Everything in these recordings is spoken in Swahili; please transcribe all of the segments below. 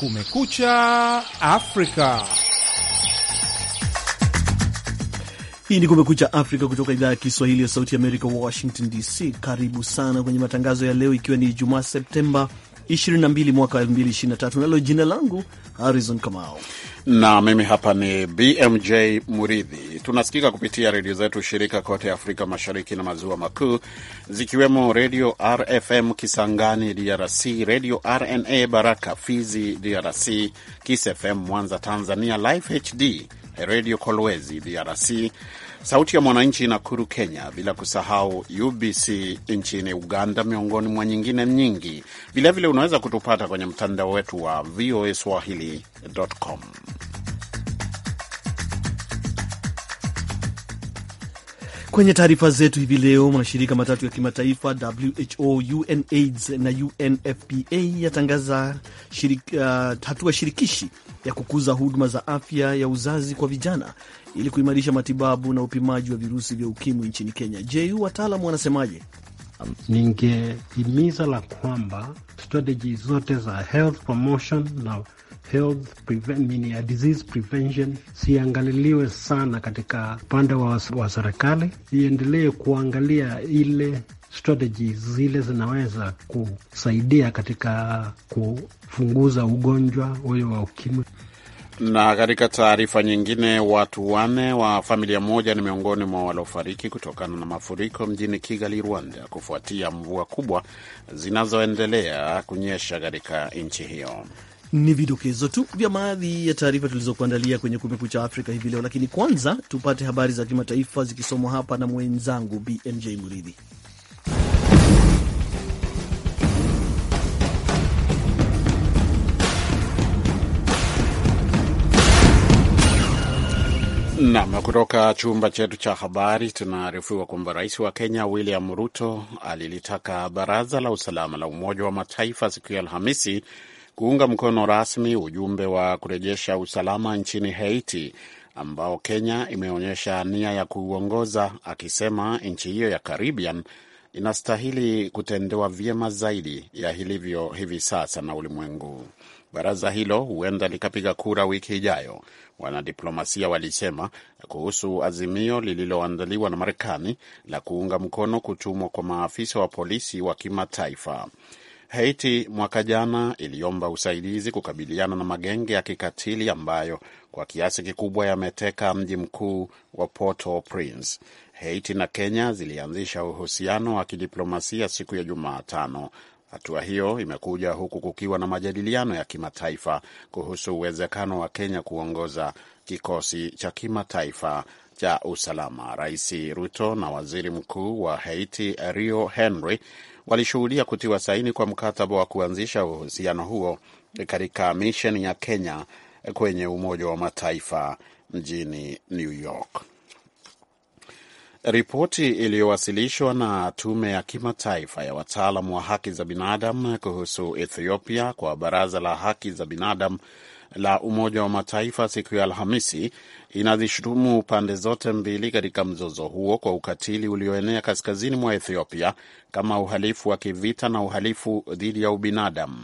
Kumekucha Afrika. Hii ni Kumekucha Afrika kutoka idhaa ya Kiswahili ya Sauti ya Amerika, Washington DC. Karibu sana kwenye matangazo ya leo, ikiwa ni Ijumaa Septemba 22 mwaka 2023. Nalo jina langu Harrison Kamau na mimi hapa ni BMJ Muridhi. Tunasikika kupitia redio zetu shirika kote Afrika Mashariki na Maziwa Makuu, zikiwemo Redio RFM Kisangani DRC, Redio RNA Baraka Fizi DRC, Kiss FM Mwanza Tanzania, Life HD Redio Kolwezi DRC, Sauti ya Mwananchi Nakuru, Kenya, bila kusahau UBC nchini Uganda, miongoni mwa nyingine nyingi. Vilevile unaweza kutupata kwenye mtandao wetu wa VOA swahili.com. Kwenye taarifa zetu hivi leo, mashirika matatu ya kimataifa WHO, UNAIDS na UNFPA yatangaza shirik, uh, hatua shirikishi ya kukuza huduma za afya ya uzazi kwa vijana ili kuimarisha matibabu na upimaji wa virusi vya ukimwi nchini Kenya. Je, wataalam wanasemaje? Ningehimiza la kwamba strategy zote za health promotion na health ya disease prevention siangaliliwe sana katika upande wa, wa serikali, iendelee kuangalia ile strategy zile zinaweza kusaidia katika kupunguza ugonjwa huyo wa ukimwi. Na katika taarifa nyingine, watu wanne wa familia moja ni miongoni mwa waliofariki kutokana na mafuriko mjini Kigali, Rwanda, kufuatia mvua kubwa zinazoendelea kunyesha katika nchi hiyo. Ni vidokezo tu vya baadhi ya taarifa tulizokuandalia kwenye Kumekucha Afrika hivi leo, lakini kwanza tupate habari za kimataifa zikisomwa hapa na mwenzangu BMJ Muridhi. Nam, kutoka chumba chetu cha habari tunaarifiwa kwamba rais wa Kenya William Ruto alilitaka baraza la usalama la Umoja wa Mataifa siku ya Alhamisi kuunga mkono rasmi ujumbe wa kurejesha usalama nchini Haiti ambao Kenya imeonyesha nia ya kuuongoza, akisema nchi hiyo ya Caribbean inastahili kutendewa vyema zaidi ya ilivyo hivi sasa na ulimwengu. Baraza hilo huenda likapiga kura wiki ijayo, wanadiplomasia walisema kuhusu azimio lililoandaliwa na Marekani la kuunga mkono kutumwa kwa maafisa wa polisi wa kimataifa. Haiti mwaka jana iliomba usaidizi kukabiliana na magenge ya kikatili ambayo kwa kiasi kikubwa yameteka mji mkuu wa Port-au-Prince. Haiti na Kenya zilianzisha uhusiano wa kidiplomasia siku ya Jumatano Hatua hiyo imekuja huku kukiwa na majadiliano ya kimataifa kuhusu uwezekano wa Kenya kuongoza kikosi cha kimataifa cha usalama. Rais Ruto na waziri mkuu wa Haiti Rio Henry walishuhudia kutiwa saini kwa mkataba wa kuanzisha uhusiano huo katika misheni ya Kenya kwenye Umoja wa Mataifa mjini New York. Ripoti iliyowasilishwa na Tume ya Kimataifa ya Wataalamu wa Haki za Binadamu kuhusu Ethiopia kwa Baraza la Haki za Binadamu la Umoja wa Mataifa siku ya Alhamisi inazishutumu pande zote mbili katika mzozo huo kwa ukatili ulioenea kaskazini mwa Ethiopia kama uhalifu wa kivita na uhalifu dhidi ya ubinadamu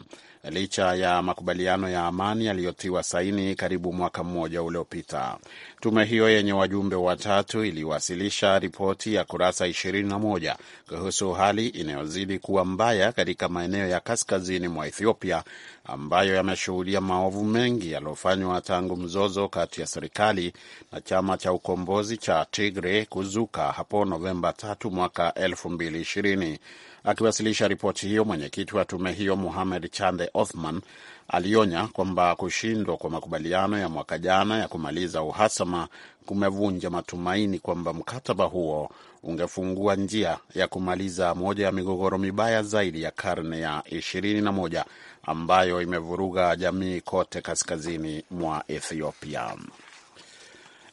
licha ya makubaliano ya amani yaliyotiwa saini karibu mwaka mmoja uliopita. Tume hiyo yenye wajumbe watatu iliwasilisha ripoti ya kurasa 21 kuhusu hali inayozidi kuwa mbaya katika maeneo ya kaskazini mwa Ethiopia ambayo yameshuhudia maovu mengi yaliyofanywa tangu mzozo kati ya serikali na chama cha ukombozi cha Tigre kuzuka hapo Novemba 3 mwaka 2020. Akiwasilisha ripoti hiyo, mwenyekiti wa tume hiyo muhamed Chande Othman alionya kwamba kushindwa kwa makubaliano ya mwaka jana ya kumaliza uhasama kumevunja matumaini kwamba mkataba huo ungefungua njia ya kumaliza moja ya migogoro mibaya zaidi ya karne ya 21 ambayo imevuruga jamii kote kaskazini mwa Ethiopia.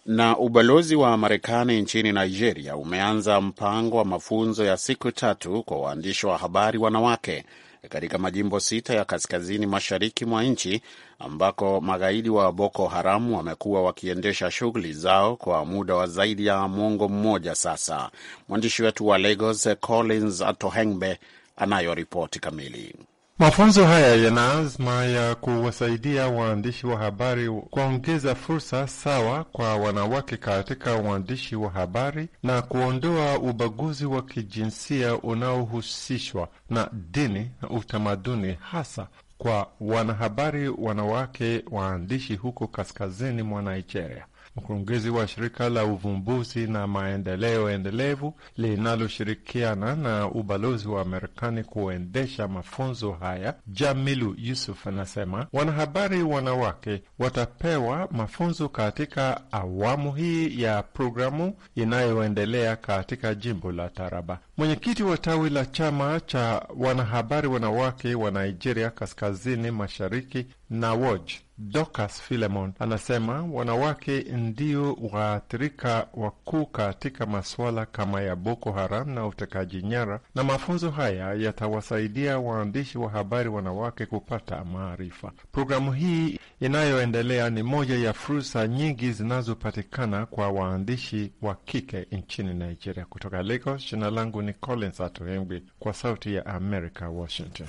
Na ubalozi wa Marekani nchini Nigeria umeanza mpango wa mafunzo ya siku tatu kwa waandishi wa habari wanawake katika majimbo sita ya kaskazini mashariki mwa nchi ambako magaidi wa Boko Haram wamekuwa wakiendesha shughuli zao kwa muda wa zaidi ya mwongo mmoja sasa. Mwandishi wetu wa Lagos Collins Atohengbe anayo ripoti kamili. Mafunzo haya yanaazma ya kuwasaidia waandishi wa habari kuongeza fursa sawa kwa wanawake katika uandishi wa habari na kuondoa ubaguzi wa kijinsia unaohusishwa na dini na utamaduni, hasa kwa wanahabari wanawake waandishi huko kaskazini mwa Nigeria mkurugenzi wa shirika la uvumbuzi na maendeleo endelevu linaloshirikiana na ubalozi wa Marekani kuendesha mafunzo haya, Jamilu Yusuf anasema wanahabari wanawake watapewa mafunzo katika awamu hii ya programu inayoendelea katika jimbo la Taraba. Mwenyekiti wa tawi la chama cha wanahabari wanawake wa Nigeria kaskazini mashariki na Watch. Dorcas Philemon anasema wanawake ndio waathirika wakuu katika masuala kama ya Boko Haram na utekaji nyara, na mafunzo haya yatawasaidia waandishi wa habari wanawake kupata maarifa. Programu hii inayoendelea ni moja ya fursa nyingi zinazopatikana kwa waandishi wa kike nchini Nigeria. Kutoka Lagos, jina langu ni Collins Atohengwi, kwa Sauti ya America, Washington.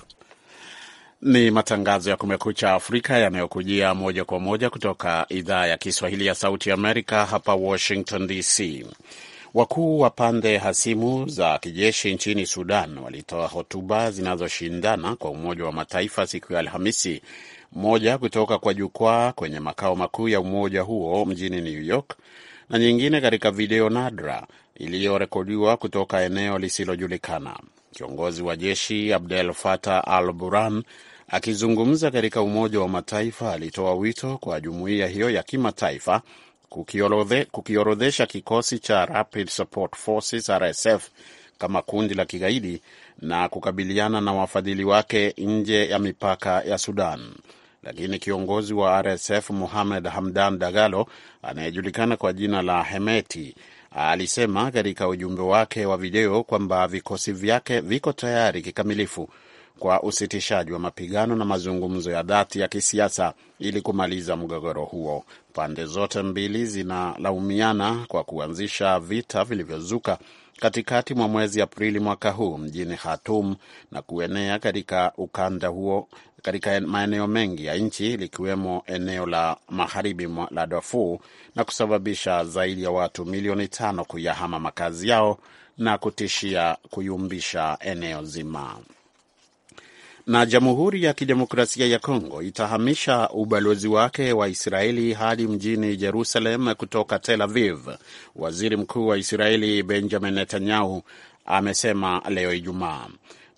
Ni matangazo ya Kumekucha Afrika yanayokujia moja kwa moja kutoka idhaa ya Kiswahili ya Sauti Amerika, hapa Washington DC. Wakuu wa pande hasimu za kijeshi nchini Sudan walitoa hotuba zinazoshindana kwa Umoja wa Mataifa siku ya Alhamisi, moja kutoka kwa jukwaa kwenye makao makuu ya umoja huo mjini New York na nyingine katika video nadra iliyorekodiwa kutoka eneo lisilojulikana. Kiongozi wa jeshi Abdel Fattah al Burhan akizungumza katika Umoja wa Mataifa alitoa wito kwa jumuiya hiyo ya kimataifa kukiorodhesha kikosi cha Rapid Support Forces RSF kama kundi la kigaidi na kukabiliana na wafadhili wake nje ya mipaka ya Sudan. Lakini kiongozi wa RSF muhamed Hamdan Dagalo anayejulikana kwa jina la Hemeti alisema katika ujumbe wake wa video kwamba vikosi vyake viko tayari kikamilifu kwa usitishaji wa mapigano na mazungumzo ya dhati ya kisiasa ili kumaliza mgogoro huo. Pande zote mbili zinalaumiana kwa kuanzisha vita vilivyozuka katikati mwa mwezi Aprili mwaka huu mjini Khartoum na kuenea katika ukanda huo katika maeneo mengi ya nchi likiwemo eneo la magharibi la Darfur na kusababisha zaidi ya watu milioni tano kuyahama makazi yao na kutishia kuyumbisha eneo zima. Na Jamhuri ya Kidemokrasia ya Kongo itahamisha ubalozi wake wa Israeli hadi mjini Jerusalem kutoka Tel Aviv. Waziri Mkuu wa Israeli Benjamin Netanyahu amesema leo Ijumaa.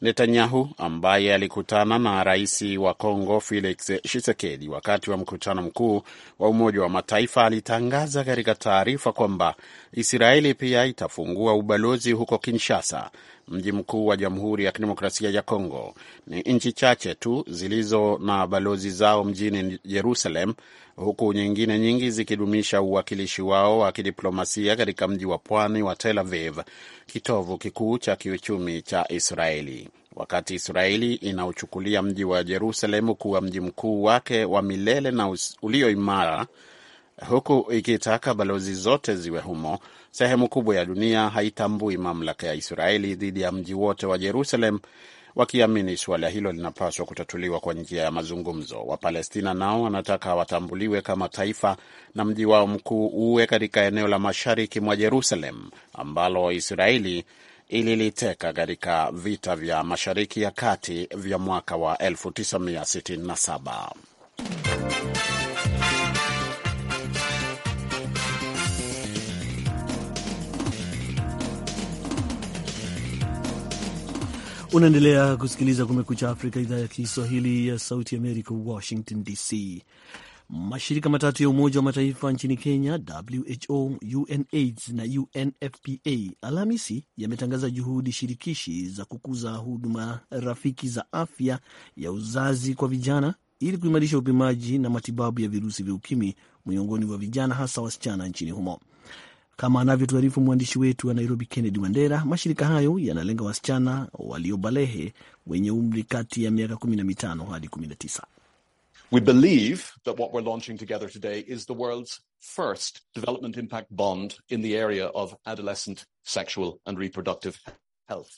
Netanyahu ambaye alikutana na rais wa Kongo Felix Tshisekedi wakati wa mkutano mkuu wa Umoja wa Mataifa alitangaza katika taarifa kwamba Israeli pia itafungua ubalozi huko Kinshasa, mji mkuu wa Jamhuri ya Kidemokrasia ya Kongo. Ni nchi chache tu zilizo na balozi zao mjini Jerusalem huku nyingine nyingi zikidumisha uwakilishi wao wa kidiplomasia katika mji wa pwani wa Tel Aviv, kitovu kikuu cha kiuchumi cha Israeli. Wakati Israeli inauchukulia mji wa Jerusalemu kuwa mji mkuu wake wa milele na ulio imara, huku ikitaka balozi zote ziwe humo, sehemu kubwa ya dunia haitambui mamlaka ya Israeli dhidi ya mji wote wa Jerusalem wakiamini suala hilo linapaswa kutatuliwa kwa njia ya mazungumzo. Wapalestina nao wanataka watambuliwe kama taifa na mji wao mkuu uwe katika eneo la mashariki mwa Jerusalem ambalo Israeli ililiteka katika vita vya mashariki ya kati vya mwaka wa 1967. Unaendelea kusikiliza Kumekucha Afrika, idhaa ya Kiswahili ya Sauti Amerika, Washington DC. Mashirika matatu ya Umoja wa Mataifa nchini Kenya, WHO, UNAIDS na UNFPA, Alhamisi yametangaza juhudi shirikishi za kukuza huduma rafiki za afya ya uzazi kwa vijana ili kuimarisha upimaji na matibabu ya virusi vya ukimwi miongoni mwa vijana, hasa wasichana nchini humo. Kama anavyotuarifu mwandishi wetu wa Nairobi, Kennedy Wandera, mashirika hayo yanalenga wasichana waliobalehe wenye umri kati ya miaka 15 hadi 19. We believe that what we're launching together today is the world's first development impact bond in the area of adolescent sexual and reproductive health.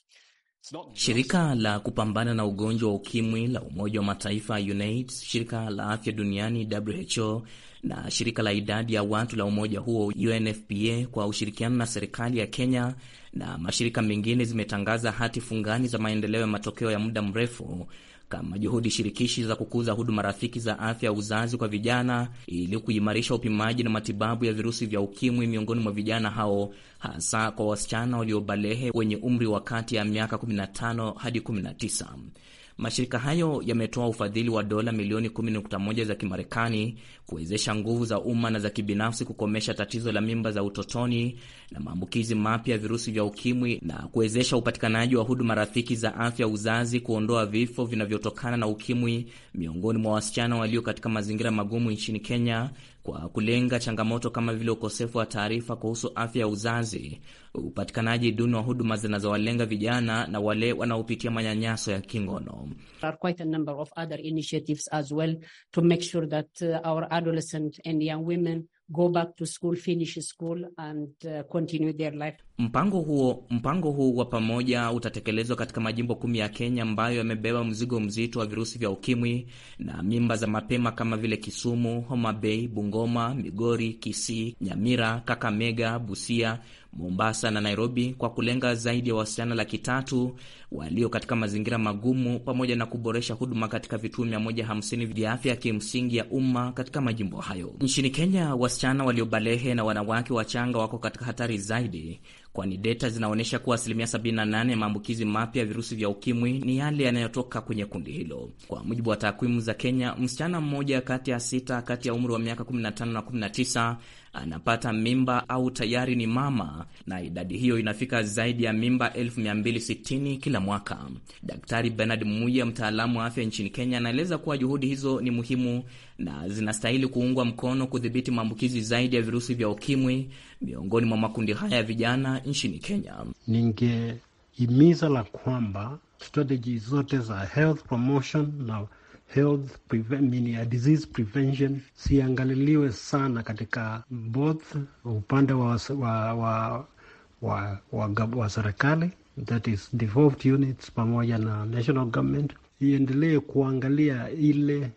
Shirika la kupambana na ugonjwa wa ukimwi la Umoja wa Mataifa UNAIDS, shirika la afya duniani WHO na shirika la idadi ya watu la umoja huo UNFPA kwa ushirikiano na serikali ya Kenya na mashirika mengine zimetangaza hati fungani za maendeleo ya matokeo ya muda mrefu kama juhudi shirikishi za kukuza huduma rafiki za afya ya uzazi kwa vijana ili kuimarisha upimaji na matibabu ya virusi vya ukimwi miongoni mwa vijana hao, hasa kwa wasichana waliobalehe wenye umri wa kati ya miaka 15 hadi 19. Mashirika hayo yametoa ufadhili wa dola milioni 10.1 za Kimarekani kuwezesha nguvu za umma na za kibinafsi kukomesha tatizo la mimba za utotoni na maambukizi mapya ya virusi vya ukimwi na kuwezesha upatikanaji wa huduma rafiki za afya uzazi, kuondoa vifo vinavyotokana na ukimwi miongoni mwa wasichana walio katika mazingira magumu nchini Kenya kwa kulenga changamoto kama vile ukosefu wa taarifa kuhusu afya ya uzazi, upatikanaji duni wa huduma zinazowalenga vijana na wale wanaopitia manyanyaso ya kingono. There are quite a adolescent and young women go back to school, finish school, and uh, continue their life. Mpango huo mpango huu wa pamoja utatekelezwa katika majimbo kumi ya Kenya ambayo yamebeba mzigo mzito wa virusi vya ukimwi na mimba za mapema kama vile Kisumu, Homa Bay, Bungoma, Migori, Kisii, Nyamira, Kakamega, Busia, Mombasa na Nairobi, kwa kulenga zaidi ya wasichana laki tatu walio katika mazingira magumu pamoja na kuboresha huduma katika vituo 150 vya afya ya kimsingi ya umma katika majimbo hayo. Nchini Kenya, wasichana waliobalehe na wanawake wachanga wako katika hatari zaidi kwani data zinaonyesha kuwa asilimia 78 ya maambukizi mapya ya virusi vya ukimwi ni yale yanayotoka kwenye kundi hilo. Kwa mujibu wa takwimu za Kenya, msichana mmoja kati ya sita kati ya umri wa miaka 15 na 19 anapata mimba au tayari ni mama, na idadi hiyo inafika zaidi ya mimba 260 kila mwaka. Daktari Bernard Muya, mtaalamu wa afya nchini Kenya, anaeleza kuwa juhudi hizo ni muhimu na zinastahili kuungwa mkono kudhibiti maambukizi zaidi ya virusi vya ukimwi miongoni mwa makundi haya ya vijana nchini Kenya. Ningehimiza la kwamba strategy zote za health promotion na health disease prevention siangaliliwe sana katika both upande wa, wa, wa, wa, wa, wa serikali that is devolved units pamoja na national government, iendelee kuangalia ile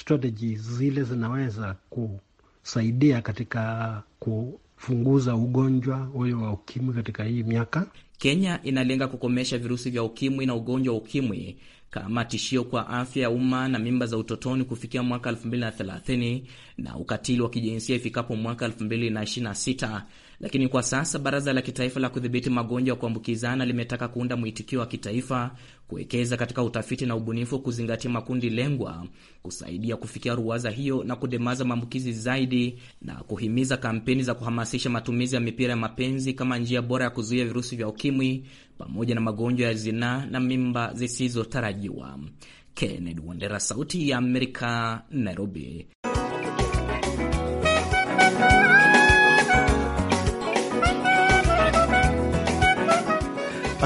strategy zile zinaweza kusaidia katika kufunguza ugonjwa huyo wa ukimwi katika hii miaka? Kenya inalenga kukomesha virusi vya ukimwi na ugonjwa wa ukimwi kama tishio kwa afya ya umma na mimba za utotoni kufikia mwaka 2030 na ukatili wa kijinsia ifikapo mwaka 2026 lakini kwa sasa baraza la kitaifa la kudhibiti magonjwa ya kuambukizana limetaka kuunda mwitikio wa kitaifa, kuwekeza katika utafiti na ubunifu, kuzingatia makundi lengwa, kusaidia kufikia ruwaza hiyo na kudemaza maambukizi zaidi, na kuhimiza kampeni za kuhamasisha matumizi ya mipira ya mapenzi kama njia bora ya kuzuia virusi vya ukimwi pamoja na magonjwa ya zinaa na mimba zisizotarajiwa. Kennedy Wandera, Sauti ya Amerika, Nairobi.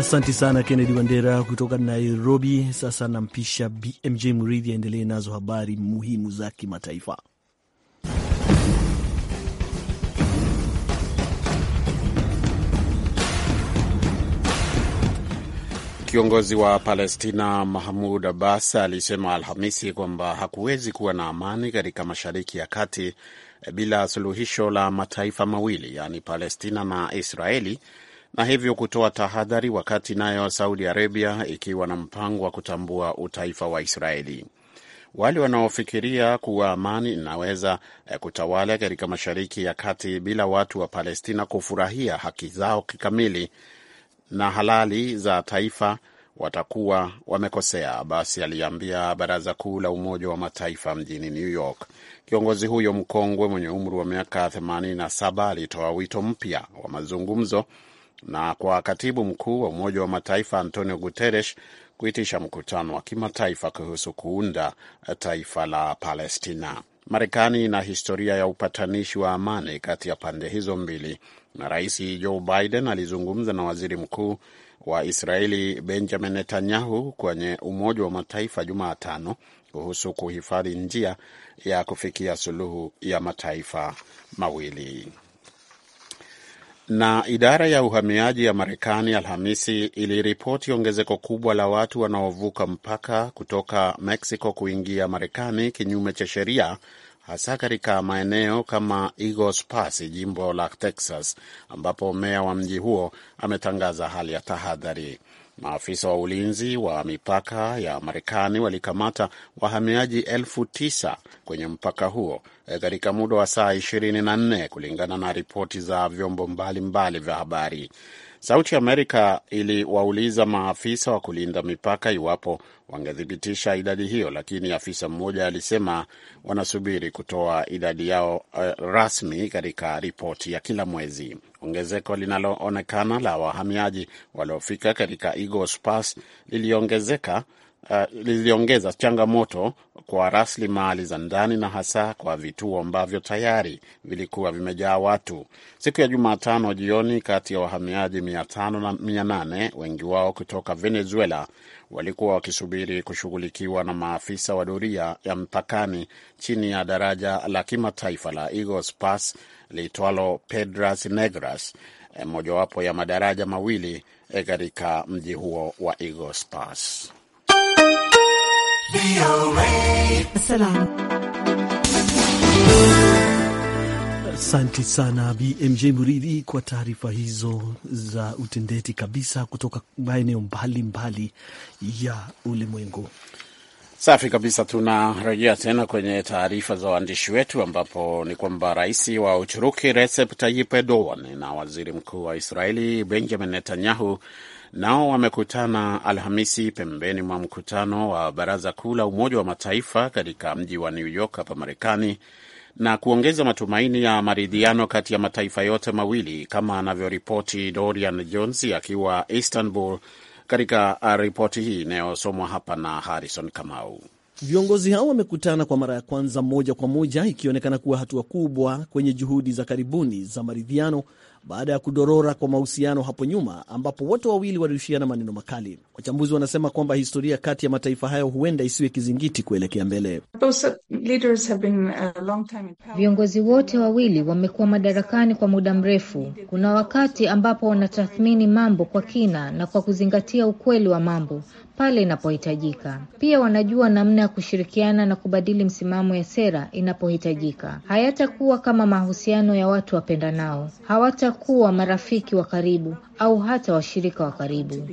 Asante sana Kennedy Wandera kutoka Nairobi. Sasa nampisha BMJ Muridhi aendelee nazo habari muhimu za kimataifa. Kiongozi wa Palestina Mahmud Abbas alisema Alhamisi kwamba hakuwezi kuwa na amani katika Mashariki ya Kati bila suluhisho la mataifa mawili, yaani Palestina na Israeli na hivyo kutoa tahadhari, wakati nayo Saudi Arabia ikiwa na mpango wa kutambua utaifa wa Israeli. Wale wanaofikiria kuwa amani inaweza eh, kutawala katika Mashariki ya Kati bila watu wa Palestina kufurahia haki zao kikamili na halali za taifa watakuwa wamekosea, basi aliambia Baraza Kuu la Umoja wa Mataifa mjini New York. Kiongozi huyo mkongwe mwenye umri wa miaka 87 alitoa wito mpya wa mazungumzo na kwa katibu mkuu wa Umoja wa Mataifa Antonio Guterres kuitisha mkutano wa kimataifa kuhusu kuunda taifa la Palestina. Marekani ina historia ya upatanishi wa amani kati ya pande hizo mbili, na Rais Joe Biden alizungumza na waziri mkuu wa Israeli Benjamin Netanyahu kwenye Umoja wa Mataifa Jumatano kuhusu kuhifadhi njia ya kufikia suluhu ya mataifa mawili. Na idara ya uhamiaji ya Marekani Alhamisi iliripoti ongezeko kubwa la watu wanaovuka mpaka kutoka Mexico kuingia Marekani kinyume cha sheria hasa katika maeneo kama igos Pass, jimbo la Texas, ambapo meya wa mji huo ametangaza hali ya tahadhari. Maafisa wa ulinzi wa mipaka ya Marekani walikamata wahamiaji elfu tisa kwenye mpaka huo eh, katika muda wa saa 24 kulingana na ripoti za vyombo mbalimbali vya habari. Sauti Amerika iliwauliza maafisa wa kulinda mipaka iwapo wangethibitisha idadi hiyo, lakini afisa mmoja alisema wanasubiri kutoa idadi yao uh, rasmi katika ripoti ya kila mwezi. Ongezeko linaloonekana la wahamiaji waliofika katika Igos Pass liliongezeka Uh, liliongeza changamoto kwa rasilimali za ndani na hasa kwa vituo ambavyo tayari vilikuwa vimejaa watu. Siku ya Jumatano jioni, kati ya wahamiaji mia tano na mia nane, wengi wao kutoka Venezuela, walikuwa wakisubiri kushughulikiwa na maafisa wa doria ya mpakani chini ya daraja la kimataifa la Eagles Pass liitwalo Pedras Negras, eh, mojawapo ya madaraja mawili eh, katika mji huo wa Eagles Pass. Asante sana BMJ Muridhi kwa taarifa hizo za utendeti kabisa kutoka maeneo mbalimbali ya ulimwengu. Safi kabisa. Tunarejea tena kwenye taarifa za waandishi wetu, ambapo ni kwamba rais wa Uturuki Recep Tayyip Erdogan na waziri mkuu wa Israeli Benjamin Netanyahu nao wamekutana Alhamisi pembeni mwa mkutano wa Baraza Kuu la Umoja wa Mataifa katika mji wa New York hapa Marekani na kuongeza matumaini ya maridhiano kati ya mataifa yote mawili kama anavyoripoti Dorian Jones akiwa Istanbul, katika ripoti hii inayosomwa hapa na Harrison Kamau. Viongozi hao wamekutana kwa mara ya kwanza moja kwa moja, ikionekana kuwa hatua kubwa kwenye juhudi za karibuni za maridhiano baada ya kudorora kwa mahusiano hapo nyuma, ambapo wote wawili walirushiana maneno makali. Wachambuzi wanasema kwamba historia kati ya mataifa hayo huenda isiwe kizingiti kuelekea mbele. Uh, Viongozi wote wawili wamekuwa madarakani kwa muda mrefu. Kuna wakati ambapo wanatathmini mambo kwa kina na kwa kuzingatia ukweli wa mambo pale inapohitajika. Pia wanajua namna ya kushirikiana na kubadili msimamo ya sera inapohitajika. Hayatakuwa kama mahusiano ya watu wapenda nao hawatakuwa marafiki wa karibu au hata washirika wa karibu.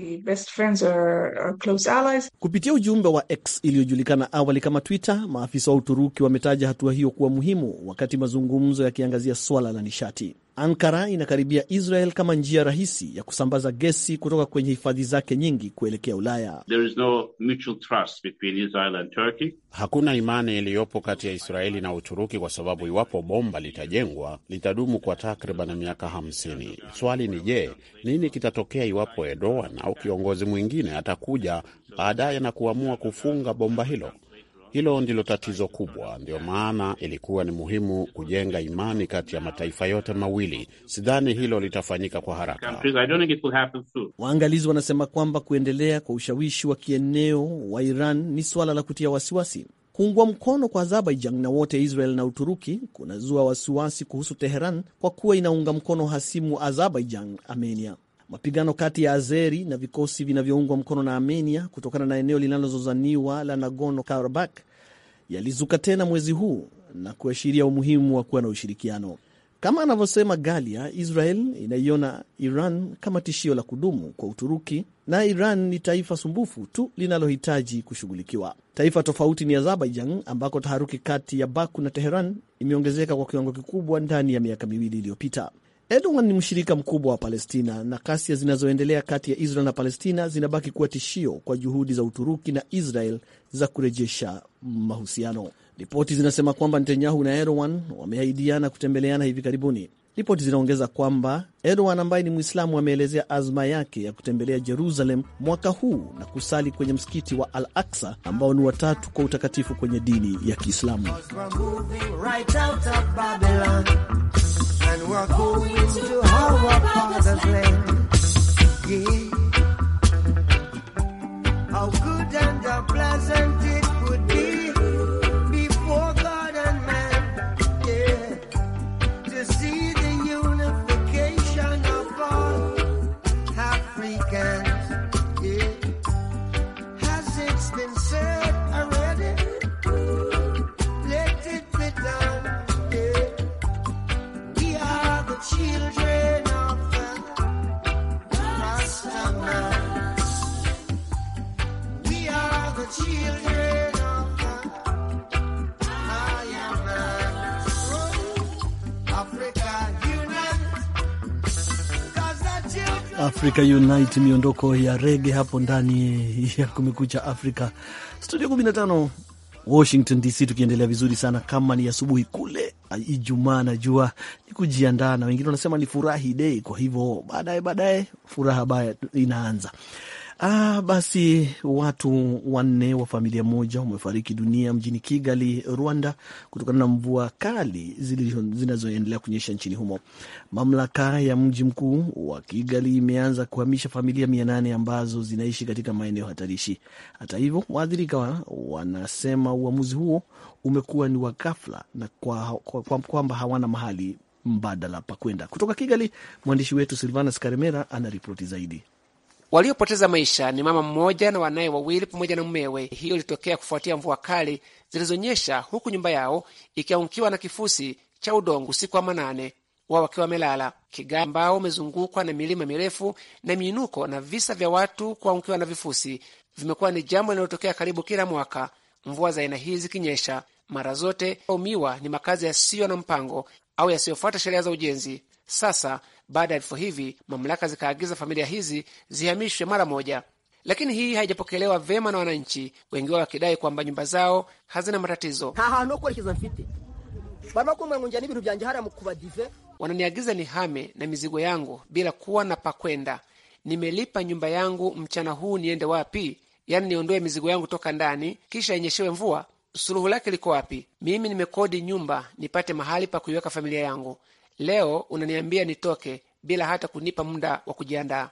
Kupitia ujumbe wa X iliyojulikana awali kama Twitter, maafisa wa Uturuki wametaja hatua hiyo kuwa muhimu, wakati mazungumzo yakiangazia swala la nishati. Ankara inakaribia Israel kama njia rahisi ya kusambaza gesi kutoka kwenye hifadhi zake nyingi kuelekea Ulaya. There is no mutual trust between Israel and Turkey. Hakuna imani iliyopo kati ya Israeli na Uturuki kwa sababu iwapo bomba litajengwa litadumu kwa takriban miaka hamsini. Swali ni je, nini kitatokea iwapo Erdogan au kiongozi mwingine atakuja baadaye na kuamua kufunga bomba hilo? Hilo ndilo tatizo kubwa, ndio maana ilikuwa ni muhimu kujenga imani kati ya mataifa yote mawili. Sidhani hilo litafanyika kwa haraka. Waangalizi wanasema kwamba kuendelea kwa ushawishi wa kieneo wa Iran ni suala la kutia wasiwasi. Kuungwa mkono kwa Azerbaijan na wote Israel na Uturuki kunazua wasiwasi kuhusu Teheran kwa kuwa inaunga mkono hasimu Azerbaijan, Armenia. Mapigano kati ya Azeri na vikosi vinavyoungwa mkono na Armenia kutokana na eneo linalozozaniwa la Nagorno Karabakh yalizuka tena mwezi huu na kuashiria umuhimu wa kuwa na ushirikiano. Kama anavyosema Galia, Israel inaiona Iran kama tishio la kudumu kwa Uturuki, na Iran ni taifa sumbufu tu linalohitaji kushughulikiwa. Taifa tofauti ni Azerbaijan, ambako taharuki kati ya Baku na Teheran imeongezeka kwa kiwango kikubwa ndani ya miaka miwili iliyopita. Erdogan ni mshirika mkubwa wa Palestina na kasia zinazoendelea kati ya Israel na Palestina zinabaki kuwa tishio kwa juhudi za Uturuki na Israel za kurejesha mahusiano. Ripoti zinasema kwamba Netanyahu na Erdogan wameahidiana kutembeleana hivi karibuni. Ripoti zinaongeza kwamba Erdogan ambaye ni Mwislamu ameelezea azma yake ya kutembelea Jerusalem mwaka huu na kusali kwenye msikiti wa Al Aksa ambao ni watatu kwa utakatifu kwenye dini ya Kiislamu. We're going to our father's land. Africa Unite, miondoko ya rege hapo ndani ya Kumekucha Afrika, studio 15 Washington DC, tukiendelea vizuri sana kama ni asubuhi kule ah, Ijumaa. Najua ni kujiandaa, na wengine wanasema ni furahi dei, kwa hivyo baadaye baadaye furaha baya inaanza. Ah, basi watu wanne wa familia moja wamefariki dunia mjini Kigali, Rwanda, kutokana na mvua kali zinazoendelea kunyesha nchini humo. Mamlaka ya mji mkuu wa Kigali imeanza kuhamisha familia mia nane ambazo zinaishi katika maeneo hatarishi. Hata hivyo, waathirika wanasema uamuzi huo umekuwa ni wa ghafla na kwamba kwa, kwa, kwa, hawana mahali mbadala pa kwenda. Kutoka Kigali, mwandishi wetu Silvanus Karemera anaripoti zaidi. Waliopoteza maisha ni mama mmoja na wanaye wawili pamoja na mmewe. Hiyo ilitokea kufuatia mvua kali zilizonyesha, huku nyumba yao ikiangukiwa na kifusi cha udongo usiku wa manane, wao wakiwa wamelala. Kigali ambao umezungukwa na milima mirefu na miinuko, na visa vya watu kuangukiwa na vifusi vimekuwa ni jambo linalotokea karibu kila mwaka, mvua za aina hii zikinyesha. Mara zote umiwa ni makazi yasiyo na mpango au yasiyofuata sheria za ujenzi. Sasa baada ya vifo hivi, mamlaka zikaagiza familia hizi zihamishwe mara moja, lakini hii haijapokelewa vema na wananchi, wengi wao wakidai kwamba nyumba zao hazina matatizo. Wananiagiza hame na mizigo yangu bila kuwa na pakwenda. Nimelipa nyumba yangu, mchana huu niende wapi? Yaani niondoe mizigo yangu toka ndani kisha inyeshewe mvua? Suluhu lake liko wapi? Mimi nimekodi nyumba nipate mahali pa kuiweka familia yangu, Leo unaniambia nitoke bila hata kunipa muda wa kujiandaa.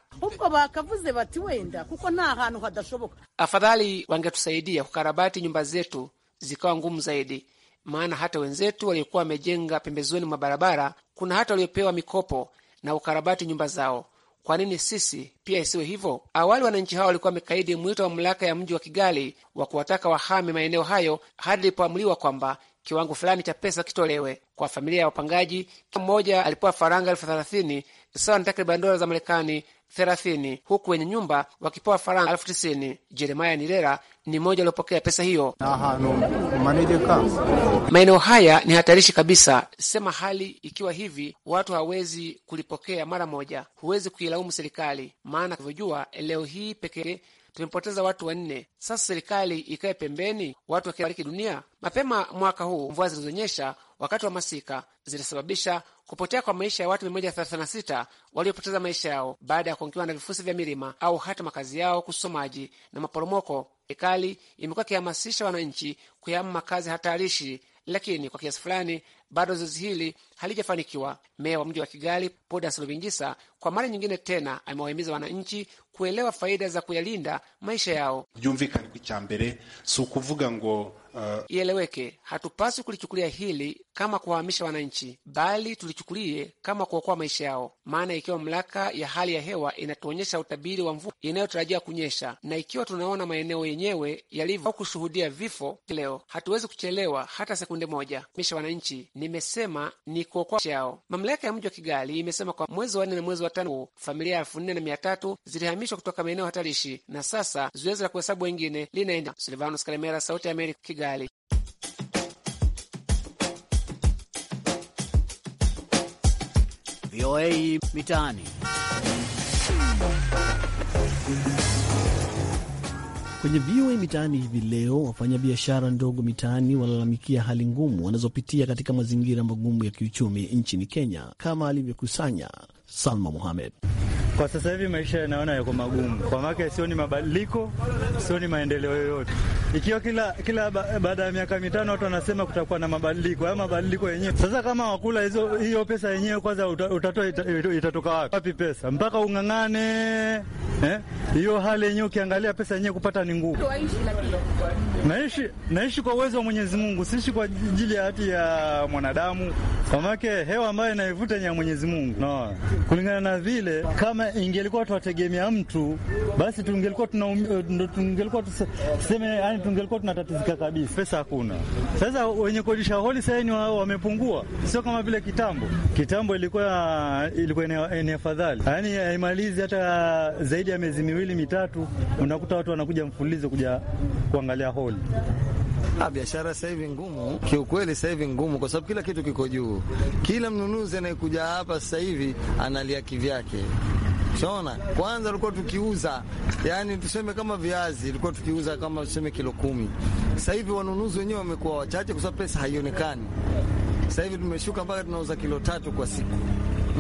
Afadhali wangetusaidia kukarabati nyumba zetu zikawa ngumu zaidi, maana hata wenzetu waliokuwa wamejenga pembezoni mwa barabara, kuna hata waliopewa mikopo na ukarabati nyumba zao kwa nini sisi pia isiwe hivyo? Awali wananchi hao walikuwa wamekaidi mwito wa mamlaka ya mji wa Kigali wa kuwataka wahame maeneo hayo hadi ilipoamuliwa kwamba kiwango fulani cha pesa kitolewe kwa familia ya wapangaji. Kila mmoja alipewa faranga elfu thelathini sawa na takriban dola za Marekani thelathini huku wenye nyumba wakipewa faranga elfu tisini. Jeremaya Nirera ni mmoja aliopokea pesa hiyo. Maeneo haya ni hatarishi kabisa, sema hali ikiwa hivi watu hawezi kulipokea mara moja, huwezi kuilaumu serikali, maana unavyojua leo hii pekee tumepoteza watu wanne. Sasa serikali ikae pembeni, watu wakifariki dunia. Mapema mwaka huu mvua zilizonyesha wakati wa masika zilisababisha kupotea kwa maisha ya watu 136 waliopoteza maisha yao baada ya kuongiwa na vifusi vya milima au hata makazi yao kususa maji na maporomoko. Serikali imekuwa ikihamasisha wananchi kuyahama makazi hatarishi, lakini kwa kiasi fulani bado zoezi hili halijafanikiwa. Meya wa mji wa Kigali, Podas Rubingisa, kwa mara nyingine tena amewahimiza wananchi kuelewa faida za kuyalinda maisha yao. Uh, Ieleweke, hatupaswi kulichukulia hili kama kuwahamisha wananchi, bali tulichukulie kama kuokoa maisha yao. Maana ikiwa mamlaka ya hali ya hewa inatuonyesha utabiri wa mvua inayotarajiwa kunyesha, na ikiwa tunaona maeneo yenyewe yalivyo kushuhudia vifo leo, hatuwezi kuchelewa hata sekunde moja misha wananchi nimesema ni kuokoa chao. Mamlaka ya mji wa Kigali imesema kwa mwezi wa nne na mwezi wa tano familia elfu nne na mia tatu zilihamishwa kutoka maeneo hatarishi na sasa zoezi la kuhesabu wengine linaenda. Silvanus Kalemera, Sauti ya Amerika, Kigali. VOA Mitaani. Kwenye VOA Mitaani hivi leo, wafanyabiashara ndogo mitaani walalamikia hali ngumu wanazopitia katika mazingira magumu ya kiuchumi nchini Kenya, kama alivyokusanya Salma Mohamed. Kwa sasa hivi maisha yanaona yako magumu, kwa maana sioni mabadiliko, sioni maendeleo yoyote ikiwa kila kila baada ya miaka mitano watu wanasema kutakuwa na mabadiliko. Haya mabadiliko yenyewe sasa, kama wakula hizo hiyo pesa yenyewe kwanza utatoa itatoka wapi? Wapi pesa mpaka ung'ang'ane eh? hiyo eh? Hali yenyewe ukiangalia pesa yenyewe kupata ni ngumu. Naishi naishi kwa uwezo wa Mwenyezi Mungu, siishi kwa ajili ya hati ya mwanadamu, kwa maana hewa ambayo inaivuta ni ya Mwenyezi Mungu no. Kulingana na vile kama ingelikuwa tuwategemea mtu basi tungelikuwa tuna eh, tungelikuwa tuseme yani tungelikuwa tunatatizika kabisa, pesa hakuna. Sasa wenye kodisha holi sasa ni wamepungua, sio kama vile kitambo. Kitambo ilikuwa ilikuwa ni afadhali, yaani haimalizi hata zaidi ya miezi miwili mitatu, unakuta watu wanakuja mfululizo kuja kuangalia holi. Ha, ah, biashara sasa hivi ngumu kiukweli, sasa hivi ngumu kwa sababu kila kitu kiko juu. Kila mnunuzi anayekuja hapa sasa hivi analia kivyake. Unaona, kwanza tulikuwa tukiuza yani, tuseme kama viazi tulikuwa tukiuza kama tuseme kilo kumi. Sasa hivi wanunuzi wenyewe wamekuwa wachache kwa sababu pesa haionekani. Sasa hivi tumeshuka mpaka tunauza kilo tatu kwa siku.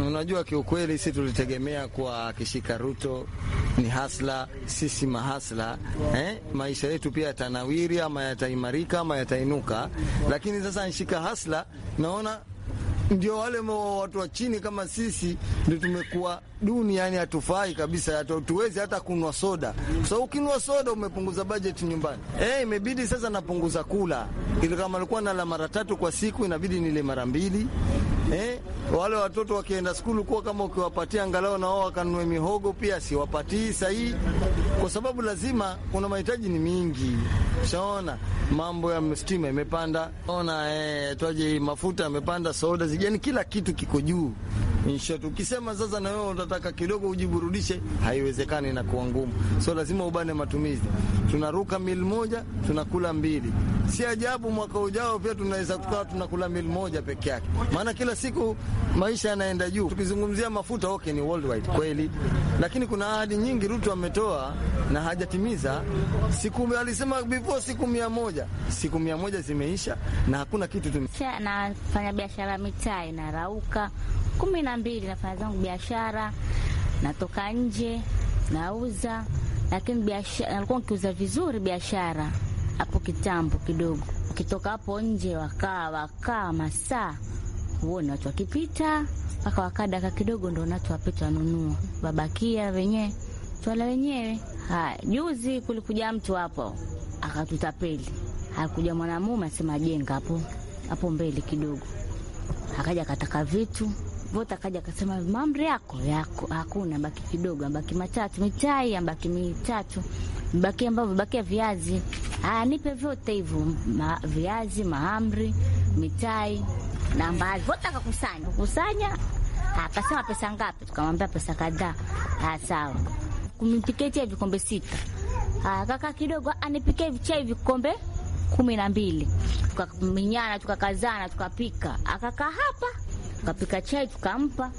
Unajua, kiukweli sisi tulitegemea kwa kishika Ruto ni hasla, sisi mahasla eh, maisha yetu pia yatanawiri ama yataimarika ama yatainuka, lakini sasa nshika hasla naona ndio wale watu wa chini kama sisi ndio tumekuwa duni, yani hatufai kabisa, hatuwezi hata kunwa soda, kwa sababu ukinwa soda umepunguza bajeti nyumbani. Eh, imebidi sasa napunguza kula, ili kama alikuwa nala mara tatu kwa siku inabidi nile mara mbili. Eh, wale watoto wakienda skulu, kuwa kama ukiwapatia angalau na wao wakanunue mihogo, pia siwapatii sahii, kwa sababu lazima kuna mahitaji ni mingi Shaona mambo ya mstima imepanda, ona eh, twaje mafuta yamepanda, soda zijani, kila kitu kiko juu inshat. Ukisema sasa na wewe unataka kidogo ujiburudishe, haiwezekani, kuwa ngumu, so lazima ubane matumizi. Tunaruka mil moja, tunakula mbili. Si ajabu mwaka ujao pia tunaweza kukaa tunakula mil moja peke yake, maana kila siku maisha yanaenda juu. Tukizungumzia mafuta, okay, ni worldwide kweli, lakini kuna ahadi nyingi Ruto ametoa na hajatimiza. Siku alisema before siku mia moja, siku mia moja zimeisha na hakuna kitu tumefanya. Biashara mitaa inarauka kumi na mbili nafanya zangu biashara, natoka nje nauza, lakini biashara nalikuwa nikiuza vizuri biashara hapo kitambo kidogo. Ukitoka hapo nje, wakaa wakaa masaa huoni watu wakipita, mpaka wakaa daka kidogo ndo natu wapita wanunua, wabakia wenyewe twala wenyewe. Haya, juzi kulikuja mtu hapo akatutapeli, akuja mwanamume asema jenga hapo hapo mbele kidogo, akaja akataka vitu Vota akaja akasema mahamri yako yako hakuna, baki kidogo, baki matatu mitai, baki mitatu, baki ambavyo baki viazi. Ah, nipe vyote hivyo ma, viazi, mahamri, mitai na mbali. Vota akakusanya kukusanya, akasema pesa ngapi? Tukamwambia pesa kadhaa. Ah, sawa, kumpikia chai vikombe sita. Ah, kaka kidogo anipikie chai vikombe kumi na mbili. Tukaminyana, tukakazana, tukapika, akakaa hapa tukapika chai tukampa,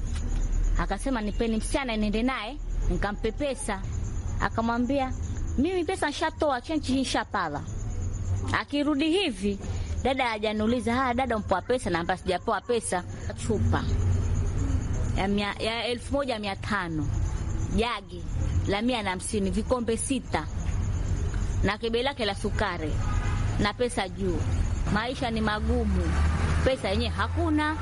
akasema nipeni msichana niende naye, nikampe pesa. Akamwambia mimi pesa nshatoa, chenchi nshapala. Akirudi hivi dada ajaniuliza, haya ah, dada, mpoa pesa? Naamba sijapoa pesa. Chupa ya, mia, ya elfu moja mia tano jagi la mia na hamsini vikombe sita na kebe lake la sukari na pesa juu. Maisha ni magumu, pesa yenyewe hakuna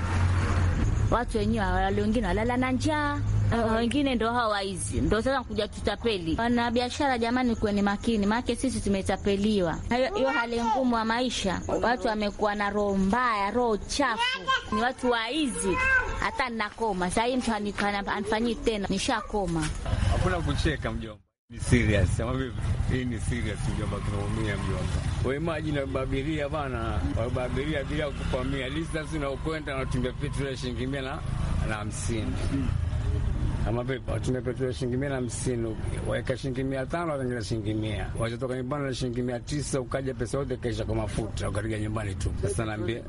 watu wenyewe wale wengine walala na njaa, ah, ah. wengine ndo hao waizi ndo sasa kuja tutapeli wana biashara. Jamani, kuweni makini, maake sisi tumetapeliwa hiyo hali ngumu ya maisha. Watu wamekuwa na roho mbaya, roho chafu, ni watu waizi. Hata nakoma sahii, mtu anifanyii tena, nishakoma. Hakuna kucheka mjomba. Ni serious sema vipi? Hii ni serious mjomba, tunaumia mjomba. Wewe maji na babiria bana, babiria bila kupamia distance na ukwenda na tumia petrol shilingi mia na hamsini. Ama vipi? Watumia petrol shilingi mia na hamsini, waweka shilingi mia tano watengeza shilingi mia. toka nyumbani na shilingi mia tisa, ukaja pesa yote kaisha kwa mafuta, ukarudi nyumbani tu. Sasa naambia,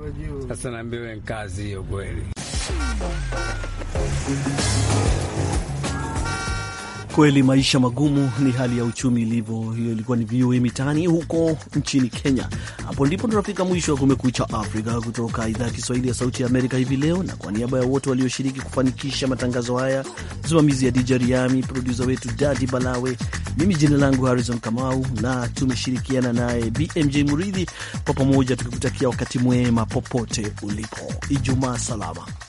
sasa naambia wewe kazi hiyo kweli. Kweli maisha magumu ni hali ya uchumi ilivyo. Hiyo ilikuwa ni VOA Mitaani huko nchini Kenya. Hapo ndipo tunafika mwisho wa Kumekucha Afrika kutoka idhaa ya Kiswahili ya Sauti ya Amerika hivi leo, na kwa niaba ya wote walioshiriki kufanikisha matangazo haya, msimamizi ya Dija Riami, produsa wetu Dadi Balawe, mimi jina langu Harrison Kamau na tumeshirikiana naye BMJ Muridhi, kwa pamoja tukikutakia wakati mwema popote ulipo. Ijumaa salama.